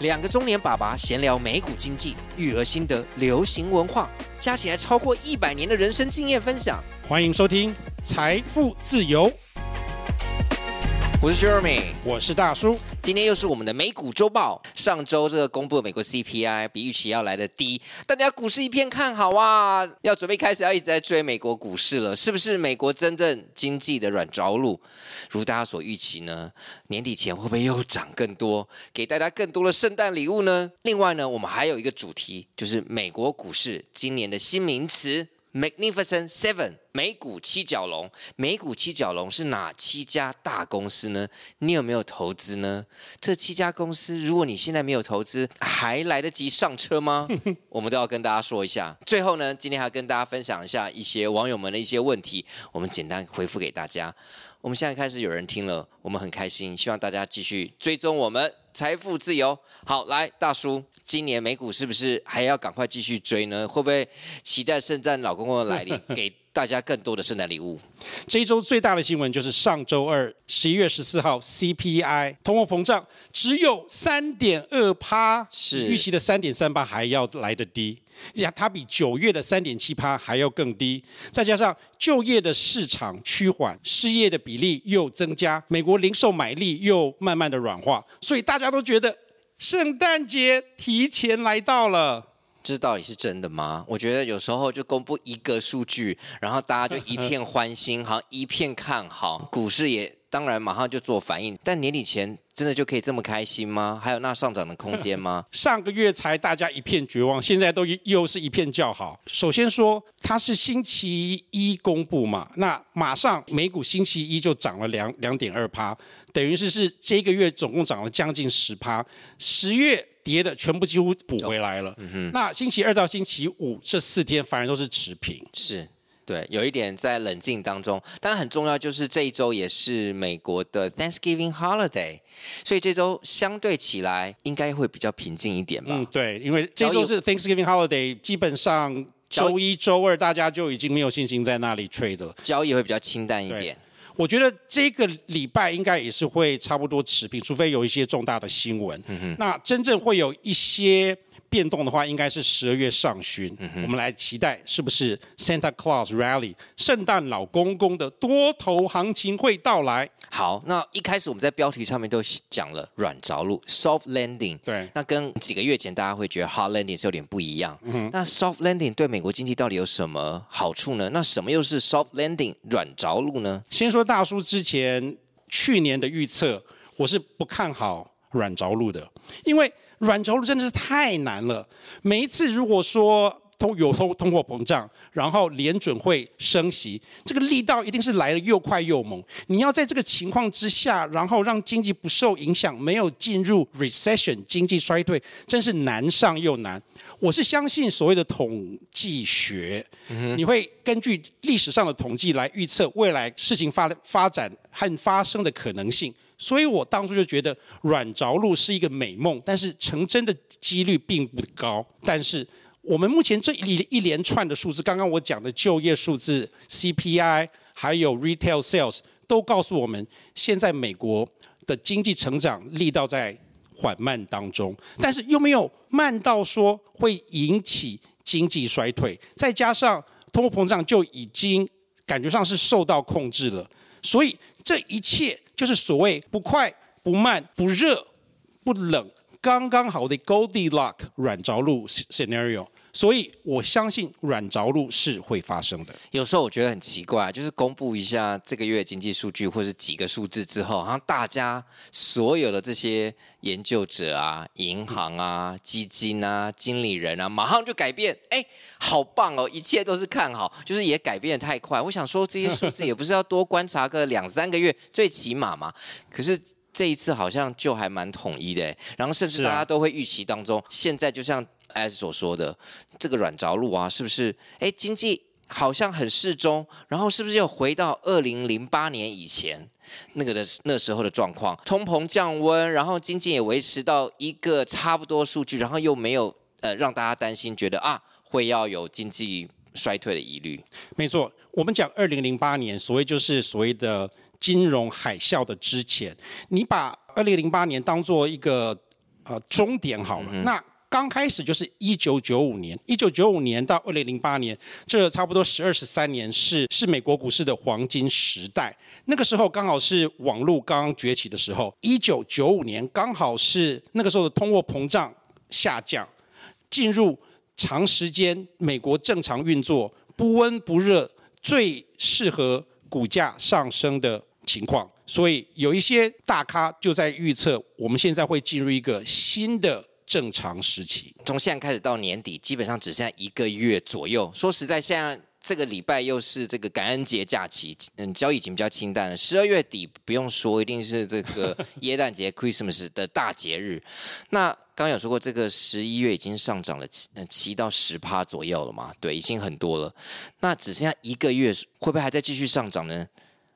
兩個中年爸爸閒聊美股、經濟、育兒心得、流行文化，加起來超過一百年的人生經驗分享。歡迎收聽《財父自由》。我是 Jeremy，我是大叔。今天又是我們的美股週報。上週這個公布的美國 CPI 比預期要來得低，大家股市一片看好哇啊！要準備開始要一直在追美國股市了，是不是？美國真正經濟的軟着陸，如大家所預期呢？年底前會不會又漲更多，給大家更多的聖誕禮物呢？另外呢，我們還有一個主題，就是美國股市今年的新名詞。Magnificent Seven，美股七蛟龍，美股七蛟龍是哪七家大公司呢？你有沒有投資呢？這七家公司，如果你現在沒有投資，還來得及上車嗎？ 我們都要跟大家說一下。最後呢，今天還要跟大家分享一下一些網友們的一些問題，我們簡單回復給大家。我們現在開始有人聽了，我們很開心，希望大家繼續追蹤我們。財富自由，好，來，大叔，今年美股是不是還要趕快繼續追呢？會不會期待聖誕老公公的來臨，給大家更多的聖誕禮物？這一周最大的新聞就是上周二，十一月十四號，CPI 通貨膨脹只有三點二趴，是預期的三點三八，還要來得低。它比九月的三點七趴還要更低，再加上就業的市場趨緩，失業的比例又增加，美國零售買力又慢慢的軟化，所以大家都覺得聖誕節提前來到了。這到底是真的嗎？我覺得有時候就公布一個數據，然後大家就一片歡欣，好像一片看好，股市也。當然，馬上就做反應，但年底前真的就可以這麼開心嗎？還有那上漲的空間嗎？ 上個月才大家一片絕望，現在都又是一片叫好。首先說，它是星期一公布嘛，那馬上每股星期一就漲了兩兩點二趴，等於是是這一個月總共漲了將近十趴，十月跌的全部幾乎補回來了。Okay. 嗯、那星期二到星期五這四天反而都是持平。是。對，有一點在冷靜當中，但很重要就是這一周也是美國的 Thanksgiving Holiday，所以這周相對起來應該會比較平靜一點吧。嗯，對，因為這周是 Thanksgiving Holiday，基本上周一周二大家就已經沒有心情在那裡 trade 了，交易會比較清淡一點。我覺得這個禮拜應該也是會差不多持平，除非有一些重大的新聞。嗯哼，那真正會有一些。變動的話，應該是十二月上旬。嗯哼，我們來期待是不是 Santa Claus Rally，聖誕老公公的多頭行情會到來。好，那一開始我們在標題上面都講了軟着陸 （soft landing）。對，那跟幾個月前大家會覺得 hard landing 是有點不一樣。嗯，那 soft landing 對美國經濟到底有什麼好處呢？那什麼又是 soft landing 軟着陸呢？先說大叔之前去年的預測，我是不看好軟着陸的，因為。軟着陸真的是太難了。每一次如果說通有通通貨膨脹，然後聯準會升息，這個力道一定是來的又快又猛。你要在這個情況之下，然後讓經濟不受影響，沒有進入 recession 經濟衰退，真是難上又難。我是相信所謂的統計學，你會根據歷史上的統計來預測未來事情發的發展和發生的可能性。所以我當初就覺得軟着陸是一個美夢，但是成真的幾率並不高。但是我們目前這一一連串的數字，剛剛我講的就業數字、CPI 還有 Retail Sales 都告訴我們，現在美國的經濟成長力道在緩慢當中，但是又沒有慢到說會引起經濟衰退。再加上通貨膨脹就已經感覺上是受到控制了，所以這一切。就是所謂不快不慢、不熱不冷，剛剛好的 Goldilocks 軟着陸 scenario。所以，我相信軟着陸是會發生的。有時候我覺得很奇怪、啊，就是公布一下這個月經濟數據，或是幾個數字之後，然後大家所有的這些研究者啊、銀行啊、基金啊、經理人啊，馬上就改變。哎，好棒哦，一切都是看好，就是也改變得太快。我想說，這些數字也不是要多觀察個兩三個月， 最起碼嘛。可是這一次好像就還蠻統一的，然後甚至大家都會預期當中，啊、現在就像。s 所說的這個軟着陸啊，是不是？哎，經濟好像很適中，然後是不是又回到二零零八年以前那個的那時候的狀況？通膨降溫，然後經濟也維持到一個差不多數據，然後又沒有呃讓大家擔心，覺得啊會要有經濟衰退的疑慮。沒錯，我們講二零零八年所謂就是所謂的金融海嘯的之前，你把二零零八年當做一個呃終點好了，嗯嗯那。剛開始就是一九九五年，一九九五年到二零零八年，這差不多十二、十三年是是美國股市的黃金時代。那個時候剛好是網絡剛剛崛起的時候，一九九五年剛好是那個時候的通貨膨脹下降，進入長時間美國正常運作、不溫不熱、最適合股價上升的情況。所以有一些大咖就在預測，我們現在會進入一個新的。正常時期，從現在開始到年底，基本上只剩下一個月左右。說實在，現在這個禮拜又是這個感恩節假期，嗯，交易已經比較清淡了。十二月底不用說，一定是這個耶誕節 （Christmas） 的大節日。 那剛剛有說過，這個十一月已經上漲了七到十趴左右了嘛？對，已經很多了。那只剩下一個月，會不會還在繼續上漲呢？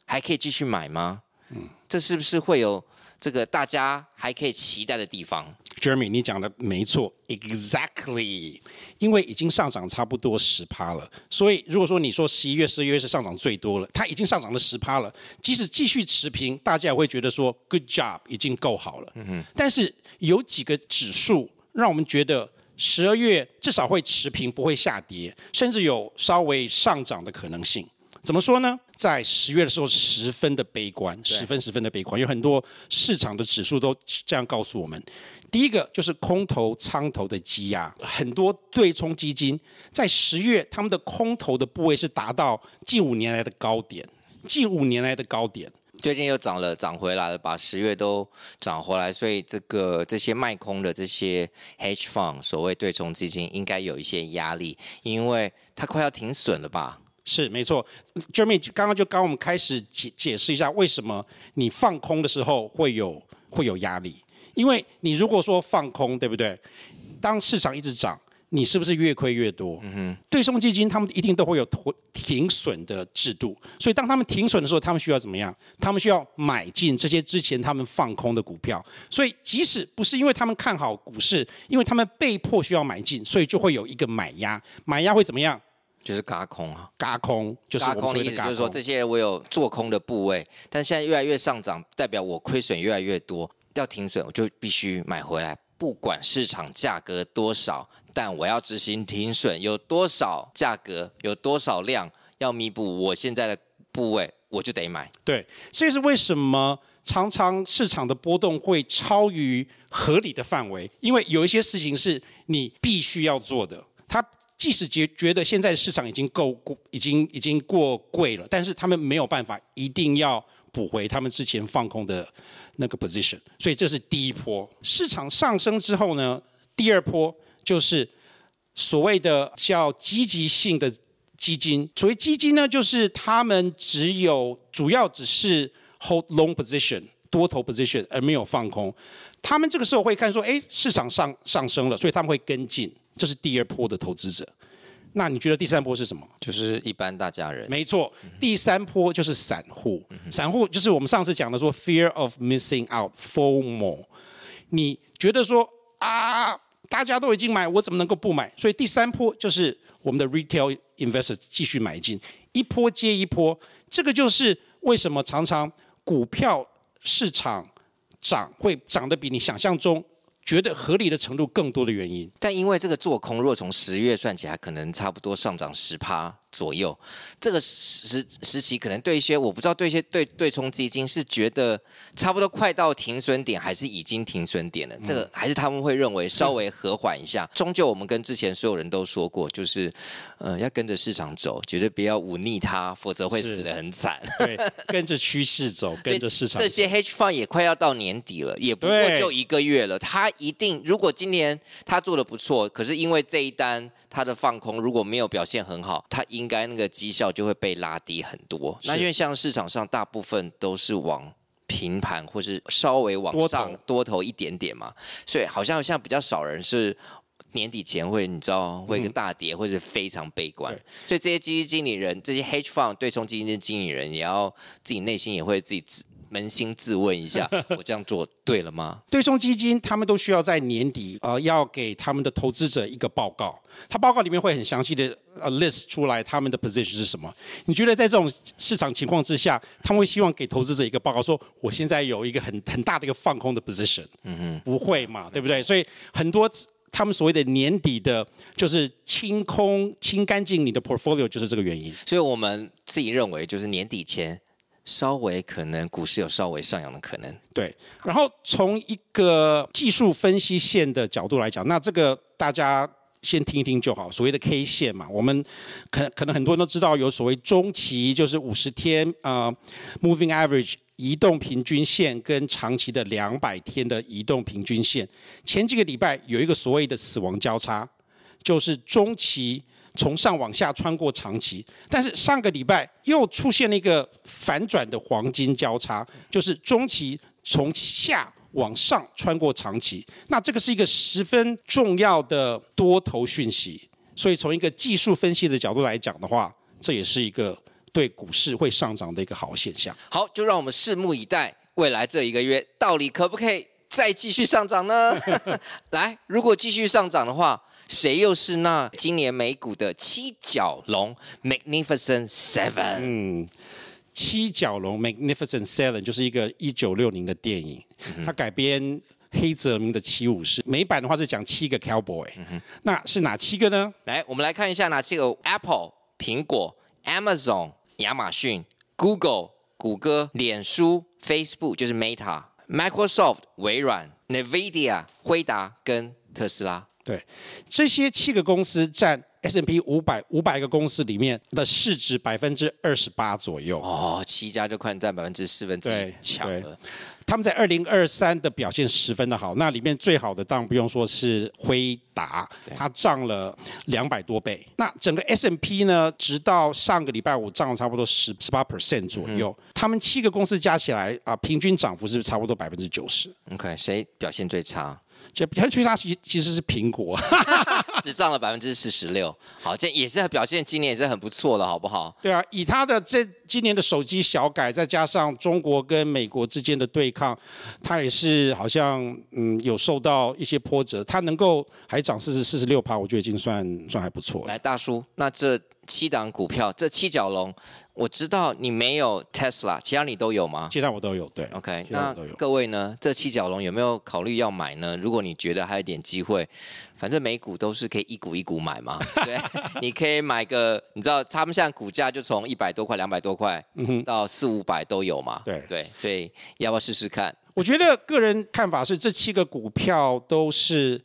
還可以繼續買嗎？嗯，這是不是會有？這個大家還可以期待的地方。Jeremy，你講的沒錯，Exactly，因為已經上漲差不多十趴了，所以如果說你說十一月、十二月是上漲最多了，它已經上漲了十趴了，即使繼續持平，大家也會覺得說 Good job，已經夠好了。嗯哼。但是有幾個指數讓我們覺得十二月至少會持平，不會下跌，甚至有稍微上漲的可能性。怎麼說呢？在十月的時候，十分的悲觀，十分十分的悲觀，有很多市場的指數都這樣告訴我們。第一個就是空頭、倉頭的積壓，很多對沖基金在十月他們的空頭的部位是達到近五年來的高點，近五年來的高點。最近又漲了，漲回來了吧，把十月都漲回來，所以這個這些賣空的這些 h e n 所謂對沖基金應該有一些壓力，因為它快要停損了吧。是沒錯 Jeremy 剛剛就跟我們開始解解釋一下，為什麼你放空的時候會有會有壓力？因為你如果說放空，對不對？當市場一直漲，你是不是越虧越多？嗯哼。對沖基金他們一定都會有停損的制度，所以當他們停損的時候，他們需要怎麼樣？他們需要買進這些之前他們放空的股票。所以即使不是因為他們看好股市，因為他們被迫需要買進，所以就會有一個買壓，買壓會怎麼樣？就是嘎空啊，嘎空就是我的，嘎空嘎空的意思，就是說這些我有做空的部位，但現在越來越上漲，代表我虧損越來越多，要停損，我就必須買回來，不管市場價格多少，但我要執行停損，有多少價格，有多少量要彌補我現在的部位，我就得買。對，所以是為什麼常常市場的波動會超於合理的範圍，因為有一些事情是你必須要做的，它。即使覺覺得現在市場已經夠已經已經過貴了，但是他們沒有辦法，一定要補回他們之前放空的那個 position，所以這是第一波。市場上升之後呢，第二波就是所謂的叫積極性的基金。所謂基金呢，就是他們只有主要只是 hold long position 多頭 position 而沒有放空，他們這個時候會看說，哎，市場上上升了，所以他們會跟進。就是第二波的投資者，那你覺得第三波是什麼？就是一般大家人。沒錯，第三波就是散戶。嗯、散戶就是我們上次講的說，fear of missing out FOMO。你覺得說啊，大家都已經買，我怎麼能夠不買？所以第三波就是我們的 retail investors 繼續買進，一波接一波。這個就是為什麼常常股票市場漲會漲得比你想象中覺得合理的程度更多的原因，但因為這個做空，若從十月算起來，可能差不多上漲十趴左右，這個時時期可能對一些我不知道，對一些對對沖基金是覺得差不多快到停損點，還是已經停損點了？嗯。這個還是他們會認為稍微和緩一下，嗯。終究我們跟之前所有人都說過，就是。嗯，要跟着市場走，絕對不要忤逆他，否則會死得很慘。對， 跟着趨勢走，跟着市場走。這些 hedge fund 也快要到年底了，也不過就一個月了。他一定，如果今年他做得不錯，可是因為這一單他的放空如果沒有表現很好，他應該那個績效就會被拉低很多。那因為像市場上大部分都是往平盤或是稍微往上多頭一點點嘛，所以好像現在比較少人是。年底前會，你知道會跟大跌，嗯、或者是非常悲觀、嗯，所以這些基金經理人，這些 hedge fund 對沖基金的經理人，也要自己內心也會自己自捫心自問一下呵呵：我這樣做對了嗎？對沖基金他們都需要在年底，呃，要給他們的投資者一個報告，他報告裡面會很詳細的呃 list 出來他們的 position 是什麼。你覺得在這種市場情況之下，他們會希望給投資者一個報告說，說我現在有一個很很大的一個放空的 position？嗯哼，不會嘛，對不對，對？所以很多。他們所謂的年底的，就是清空，清乾淨你的 portfolio，就是這個原因。所以，我們自己認為，就是年底前稍微可能股市有稍微上揚的可能。對。然後，從一個技術分析線的角度來講，那這個大家先聽一聽就好。所謂的 K 線嘛，我們可能可能很多人都知道，有所謂中期，就是五十天啊，uh，moving average。移動平均線跟長期的兩百天的移動平均線，前幾個禮拜有一個所謂的死亡交叉，就是中期從上往下穿過長期，但是上個禮拜又出現了一個反轉的黃金交叉，就是中期從下往上穿過長期，那這個是一個十分重要的多頭訊息，所以從一個技術分析的角度來講的話，這也是一個。對股市會上漲的一個好現象。好，就讓我們拭目以待，未來這一個月到底可不可以再繼續上漲呢？ 來，如果繼續上漲的話，誰又是那今年美股的七蛟龍？Magnificent Seven。嗯，七蛟龍 Magnificent Seven 就是一個一九六零年的電影、嗯，它改編黑澤明的七五《七武士》。美版的話是講七個 Cowboy，、嗯、哼那是哪七個呢？來，我們來看一下哪七個：Apple 蘋果，Amazon。亞馬遜、Google、谷歌、臉書、Facebook 就是 Meta、Microsoft、微軟、Nvidia、輝達跟特斯拉。對，這些七個公司占 S&P 五百五百個公司裡面的市值百分之二十八左右。哦，七家就快占百分之四分之一強了。他們在二零二三的表現十分的好，那裡面最好的當然不用說是輝達，它漲了兩百多倍。那整個 S&P 呢，直到上個禮拜五漲了差不多十十八 percent 左右，嗯，他們七個公司加起來啊、呃，平均漲幅是差不多百分之九十。OK，誰表現最差？就別去它，其實其實是蘋果 只漲了百分之四十六，好，這也是表現今年也是很不錯的，好不好？對啊，以它的這今年的手機小改，再加上中國跟美國之間的對抗，它也是好像嗯有受到一些波折，它能夠還漲四十四十六%，我覺得已經算算還不錯。來，大叔，那這七檔股票，這七蛟龍。我知道你沒有 Tesla，其他你都有嗎？其他我都有，對。OK，那各位呢？這七蛟龍有沒有考慮要買呢？如果你覺得還有點機會，反正每股都是可以一股一股買嘛，對， 你可以買個，你知道他們現在股價就從一百多塊、兩百多塊、嗯，到四五百都有嘛，對對，所以要不要試試看？我覺得個人看法是，這七個股票都是。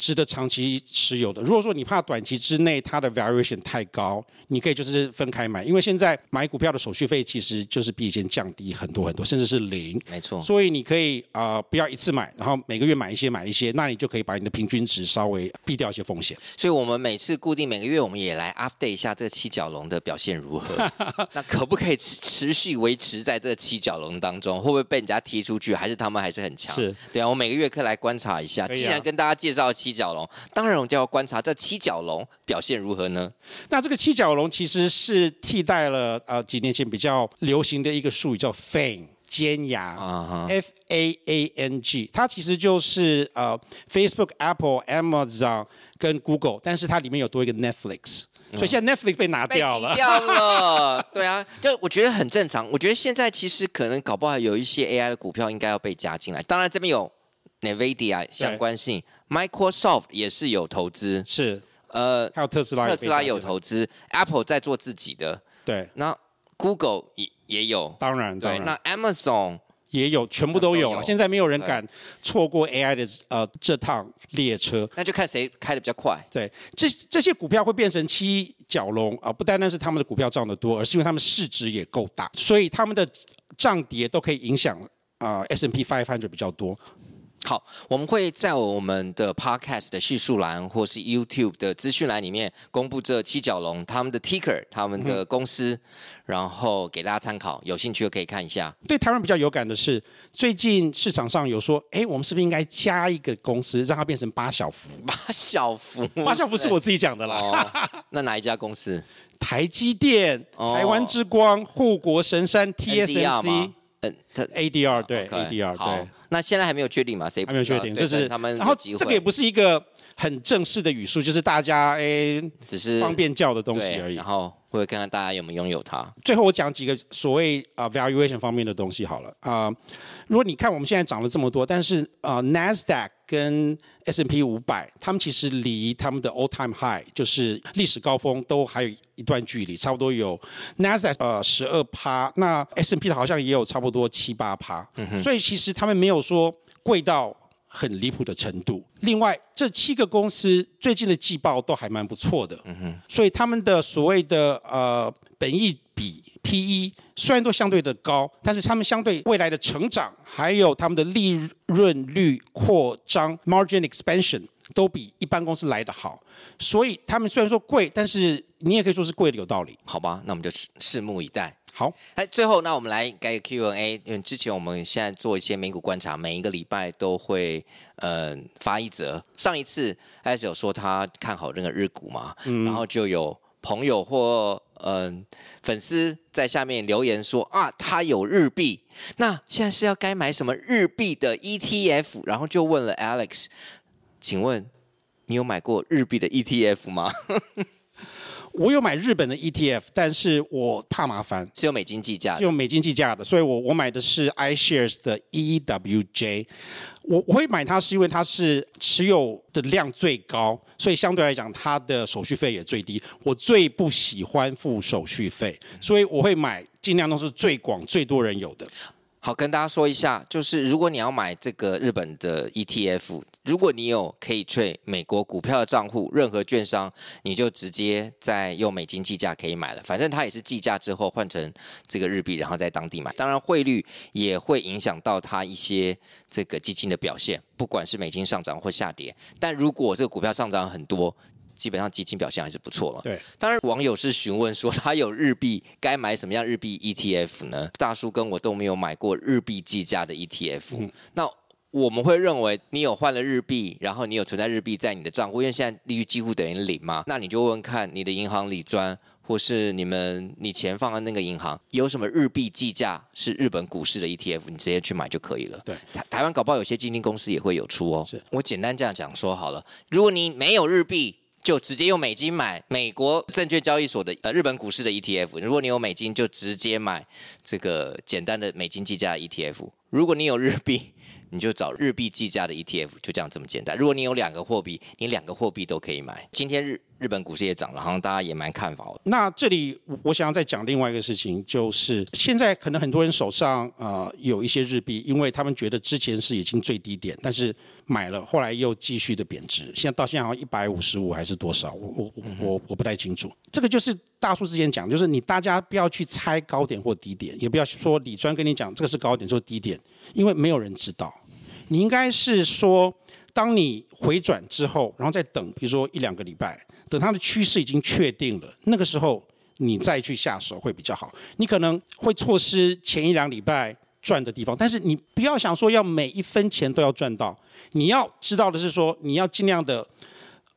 值得長期持有的。如果說你怕短期之內它的 variation 太高，你可以就是分開買，因為現在買股票的手續費其實就是比以前降低很多很多，甚至是零。沒錯。所以你可以啊、呃，不要一次買，然後每個月買一些買一些，那你就可以把你的平均值稍微避掉一些風險。所以我們每次固定每個月，我們也來 update 一下這個七蛟龍的表現如何。 那可不可以持續維持在這七蛟龍當中？會不會被人家踢出去？還是他們還是很強？是。對啊，我每個月可以來觀察一下、啊。既然跟大家介紹七。七蛟龍，當然我們就要觀察這七蛟龍表現如何呢？那這個七蛟龍其實是替代了呃幾年前比較流行的一個術語叫 FANG 尖牙、啊、F A A N G，它其實就是呃 Facebook、Apple、Amazon 跟 Google，但是它裡面有多一個 Netflix、嗯、所以現在 Netflix 被拿掉了，掉了， 對啊，就我覺得很正常。我覺得現在其實可能搞不好有一些 AI 的股票應該要被加進來。當然這邊有 Nvidia 相關性。Microsoft 也是有投資，是，呃，還有特斯拉，特斯拉有投資，Apple 在做自己的，對，那 Google 也也有，當然，對，當然，那 Amazon 也有，全部都有了。現在沒有人敢錯過 AI 的、嗯、呃這趟列車，那就看誰開得比較快。對，這這些股票會變成七蛟龍啊、呃，不單單是他們的股票漲得多，而是因為他們市值也夠大，所以他們的漲跌都可以影響啊、呃、S&P 500比較多。好，我們會在我們的 podcast 的敘述欄，或是 YouTube 的資訊欄裡面公布這七蛟龍他們的 ticker，他們的公司、嗯，然後給大家參考。有興趣的可以看一下。對台灣比較有感的是，最近市場上有說，哎，我們是不是應該加一個公司，讓它變成八小福？八小福，八小福是我自己講的啦，嗯哦。那哪一家公司？台積電、台灣之光，哦，護國神山 TSMC。A D R 對 A D R 對，那現在還沒有確定嗎？誰還沒有確定？這是他們，然後這個也不是一個很正式的術語，就是大家誒、哎、只是方便叫的東西而已。然後會看看大家有沒有擁有它。最後我講幾個所謂啊、uh, valuation 方面的東西好了啊。Uh, 如果你看我們現在漲了這麼多，但是啊、uh, Nasdaq 跟 S&P 500，他們其實離他們的 all time high，就是歷史高峰都還有一段距離，差不多有 Nasdaq 呃十二趴，那 S&P 的好像也有差不多。七八趴，所以其實他們沒有說貴到很離譜的程度。另外，這七個公司最近的季報都還蠻不錯的，所以他們的所謂的呃本益比 PE 雖然都相對的高，但是他們相對未來的成長，還有他們的利潤率擴張 margin expansion 都比一般公司來的好。所以他們雖然說貴，但是你也可以說是貴的有道理，好吧？那我們就拭目以待。好，哎，最後那我們來改 Q&A，因為之前我們現在做一些美股觀察，每一個禮拜都會嗯、呃、發一則。上一次 Alex 有說他看好這個日股嘛、嗯，然後就有朋友或嗯、呃、粉絲在下面留言說啊，他有日幣，那現在是要該買什麼日幣的 ETF？然後就問了 Alex，請問你有買過日幣的 ETF 嗎？ 我有買日本的 ETF，但是我怕麻煩，是用美金計價，是用美金計價的，所以我、我我買的是 iShares 的 EWJ。我我會買它是因為它是持有的量最高，所以相對來講它的手續費也最低。我最不喜歡付手續費，所以我會買，盡量都是最廣、最多人有的。好，跟大家說一下，就是如果你要買這個日本的 ETF，如果你有可以 trade 美國股票的賬戶，任何券商，你就直接再用美金計價可以買了，反正它也是計價之後換成這個日幣，然後在當地買。當然匯率也會影響到它一些這個基金的表現，不管是美金上漲或下跌。但如果這個股票上漲很多。基本上基金表現還是不錯了。對，當然網友是詢問說他有日幣，該買什麼樣日幣 ETF 呢？大叔跟我都沒有買過日幣計價的 ETF。嗯。那我們會認為你有換了日幣，然後你有存在日幣在你的賬戶，因為現在利率幾乎等於零嘛，那你就問看你的銀行理專，或是你們你錢放在那個銀行有什麼日幣計價是日本股市的 ETF，你直接去買就可以了。對，台台灣搞不好有些基金公司也會有出哦。是我簡單這樣講說好了，如果你沒有日幣。就直接用美金買美國證券交易所的呃日本股市的 ETF，如果你有美金，就直接買這個簡單的美金計價 ETF；如果你有日幣，你就找日幣計價的 ETF，就這樣這麼簡單。如果你有兩個貨幣，你兩個貨幣都可以買。今天日。日本股市也漲了，好像大家也蠻看法的。那這裡我想要再講另外一個事情，就是現在可能很多人手上呃有一些日幣，因為他們覺得之前是已經最低點，但是買了，後來又繼續的貶值。現在到現在好像一百五十五還是多少？我我我我不太清楚、嗯。這個就是大叔之前講，就是你大家不要去猜高點或低點，也不要說李專跟你講這個是高點或低點，因為沒有人知道。你應該是說。當你回轉之後，然後再等，比如說一兩個禮拜，等它的趨勢已經確定了，那個時候你再去下手會比較好。你可能會錯失前一兩禮拜賺的地方，但是你不要想說要每一分錢都要賺到。你要知道的是說，你要盡量的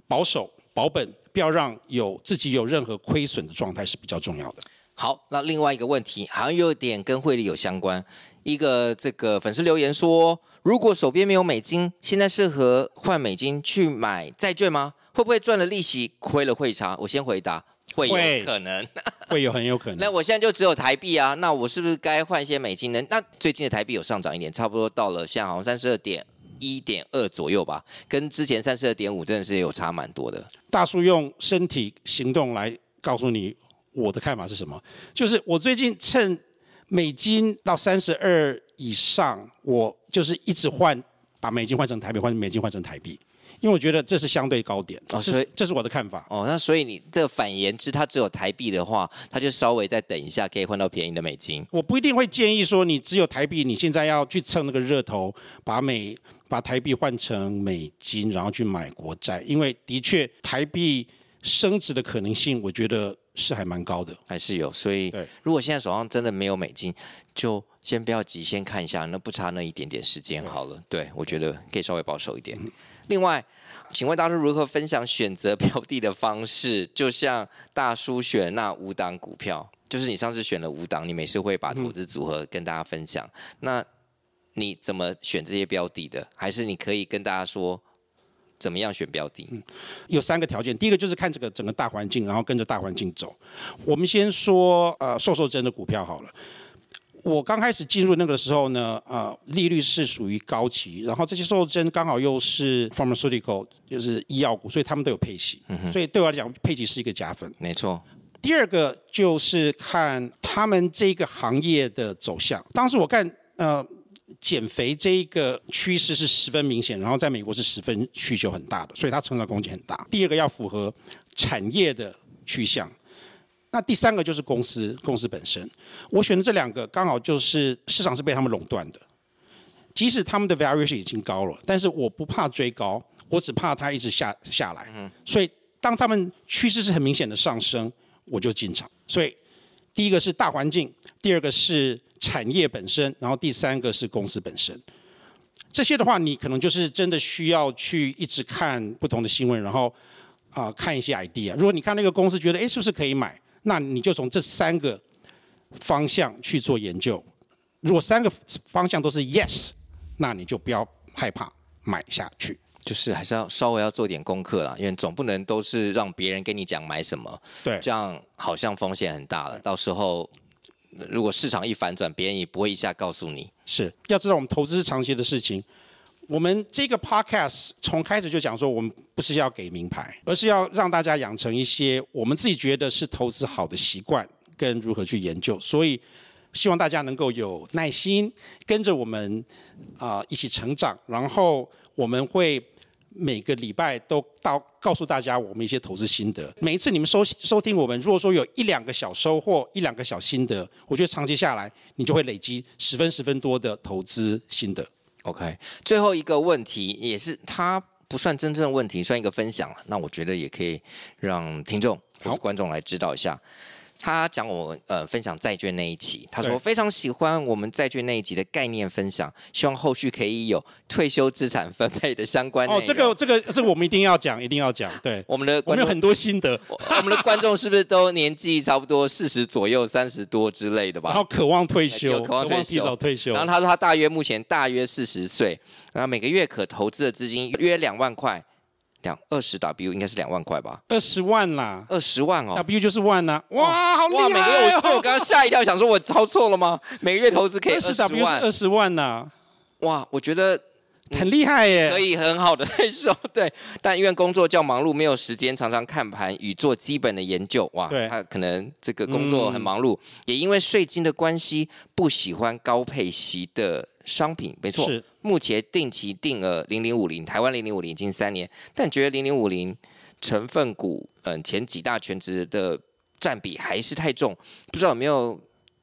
保守保本，不要讓有自己有任何虧損的狀態是比較重要的。好，那另外一個問題，好像有點跟匯率有相關，一個這個粉絲留言說。如果手邊沒有美金，現在適合換美金去買債券嗎？會不會賺了利息，虧了匯差？我先回答，會有可能，會, 會有很有可能。 那我現在就只有台幣啊，那我是不是該換一些美金呢？那最近的台幣有上漲一點，差不多到了現在好像三十二點一點二左右吧，跟之前三十二點五真的是有差蠻多的。大叔用身體行動來告訴你我的看法是什麼，就是我最近趁。美金到三十二以上，我就是一直換，把美金換成台幣，換成美金換成台幣，因為我覺得這是相對高點哦，所以這是我的看法哦。那所以你這個反言之，它只有台幣的話，它就稍微再等一下，可以換到便宜的美金。我不一定會建議說，你只有台幣，你現在要去蹭那個熱頭，把美把台幣換成美金，然後去買國債，因為的確台幣升值的可能性，我覺得。是還蠻高的，還是有，所以如果現在手上真的沒有美金，就先不要急，先看一下，那不差那一點點時間好了。嗯、對，我覺得可以稍微保守一點。嗯、另外，請問大叔如何分享選擇標的的方式？就像大叔選那五檔股票，就是你上次選了五檔，你每次會把投資組合跟大家分享。嗯、那你怎麼選這些標的的？還是你可以跟大家說？怎麼樣選標的？嗯，有三個條件，第一個就是看這個整個大環境，然後跟着大環境走。我們先說呃，瘦瘦針的股票好了。我剛開始進入那個時候呢，呃，利率是屬於高級，然後這些瘦瘦針剛好又是 pharmaceutical，就是醫藥股，所以他們都有配息，嗯，所以對我來講配息是一個加分。沒錯。第二個就是看他們這個行業的走向。當時我看呃。減肥這一個趨勢是十分明顯，然後在美國是十分需求很大的，所以它成長空間很大。第二個要符合產業的趨向，那第三個就是公司公司本身。我選的這兩個剛好就是市場是被他們壟斷的，即使他們的 valuation 已經高了，但是我不怕追高，我只怕它一直下下來。嗯，所以當他們趨勢是很明顯的上升，我就進場。所以第一個是大環境，第二個是產業本身，然後第三個是公司本身。這些的話，你可能就是真的需要去一直看不同的新聞，然後啊、呃、看一些 idea。如果你看那個公司覺得誒是不是可以買，那你就從這三個方向去做研究。如果三個方向都是 yes，那你就不要害怕買下去。就是還是要稍微要做點功課啦，因為總不能都是讓別人跟你講買什麼，對，這樣好像風險很大了。到時候如果市場一反轉，別人也不會一下告訴你。是要知道我們投資是長期的事情。我們這個 Podcast 從開始就講說，我們不是要給明牌，而是要讓大家養成一些我們自己覺得是投資好的習慣跟如何去研究。所以希望大家能夠有耐心，跟着我們啊、呃、一起成長，然後我們會。每個禮拜都到告訴大家我們一些投資心得。每一次你們收收聽我們，如果說有一兩個小收穫，一兩個小心得，我覺得長期下來，你就會累積十分十分多的投資心得。OK，最後一個問題，也是它不算真正的問題，算一個分享。那我覺得也可以讓聽眾或是觀眾來知道一下。他講我呃分享債券那一期，他說非常喜歡我們債券那一集的概念分享，希望後續可以有退休資產分配的相關內容。哦，這個這個我們一定要講，一定要講。對，我們的觀眾有很多心得。我，我們的觀眾是不是都年紀差不多四十左右、三十多之類的吧？然後渴望退休，渴望退休。然後他說他大約目前大約四十歲，然後每個月可投資的資金約兩萬塊。二十 W 應該是兩萬塊吧？二十萬啦、啊，二十萬哦，W 就是萬吶、啊，哇，好厲害、哦、哇每個月我剛剛嚇一跳，想說我抄錯了嗎？每個月投資可以二十 W 是二十萬吶、啊，哇，我覺得很厲害耶，可以很好的收。對，但因為工作較忙碌，沒有時間常常看盤與做基本的研究。哇對，他可能這個工作很忙碌，嗯、也因為稅金的關係，不喜歡高配息的商品。沒錯。目前定期定額零零五零，台灣零零五零近三年，但覺得零零五零成分股，嗯，前幾大權值的佔比還是太重，不知道有沒有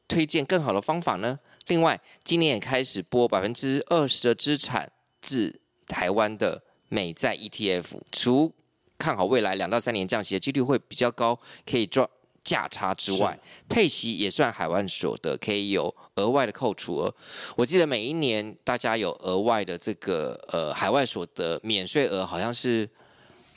推薦更好的方法呢？另外，今年也開始撥百分之二十的資產至台灣的美債 ETF，除看好未來兩到三年降息的幾率會比較高，可以抓，價差之外，配息也算海外所得，可以有額外的扣除額。我記得每一年大家有額外的這個呃海外所得免稅額，好像是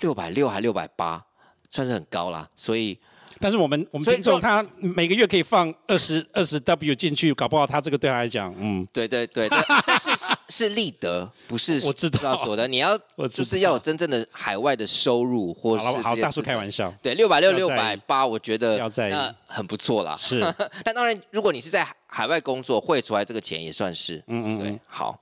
六百六還六百八，算是很高啦。所以但是我們我們聽眾他每個月可以放二十二十 W 進去，搞不好他這個對他來講，嗯，對對對但， 但是是是利得，不是我知道，不知道所得。你要是不、就是要有真正的海外的收入，或是好，好大叔開玩笑，對，六百六六百八，我覺得那很不錯啦。是，那 當然，如果你是在海外工作匯出來這個錢也算是，嗯嗯，對。好，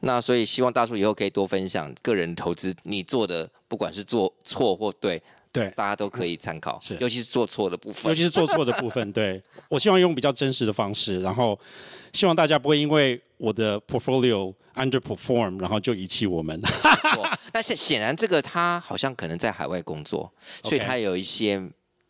那所以希望大叔以後可以多分享個人投資，你做的不管是做錯或對。對，大家都可以參考。嗯，是，尤其是做錯的部分，尤其是做錯的部分。對， 我希望用比較真實的方式，然後希望大家不會因為我的 portfolio underperform，然後就遺棄我們。 是那顯顯然，這個他好像可能在海外工作，所以他有一些，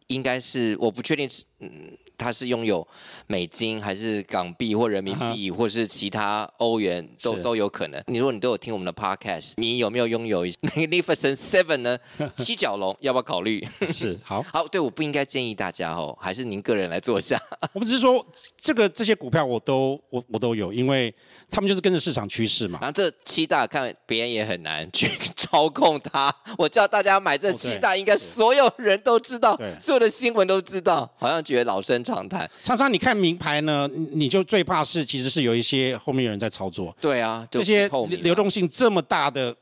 應該是，Okay. 我不確定，嗯。他是擁有美金還是港幣或人民幣，uh -huh. 或是其他歐元都都有可能。你如果你都有聽我們的 Podcast，你有沒有擁有 Magnificent Seven 呢？七蛟龍 要不要考慮？是好，好，對，我不應該建議大家哦，還是您個人來做一下。我們只是說這個這些股票我都我我都有，因為他們就是跟着市場趨勢嘛。然後這七大看別人也很難去操控它。我叫大家買這七大，oh, 應該所有人都知道，所有的新聞都知道，好像覺得老生。常態，常常你看名牌呢，你就最怕是其實是有一些後面有人在操作。對啊就，這些流動性這麼大的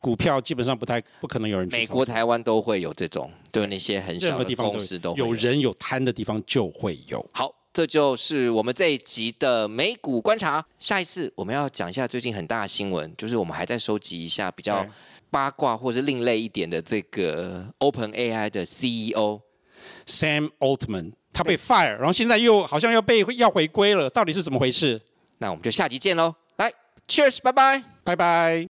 股票，基本上不太不可能有人去。美國、台灣都會有這種，對那些很小的公司都，有，地方都有，有人有貪的地方就會有。好，這就是我們這一集的美股觀察。下一次我們要講一下最近很大的新聞，就是我們還在收集一下比較八卦或者另類一點的這個 Open AI 的 CEO Sam Altman。他被 fire，然後現在又好像又被要回歸了，到底是怎麼回事？那我們就下集見嘍！來，cheers，拜拜，拜拜。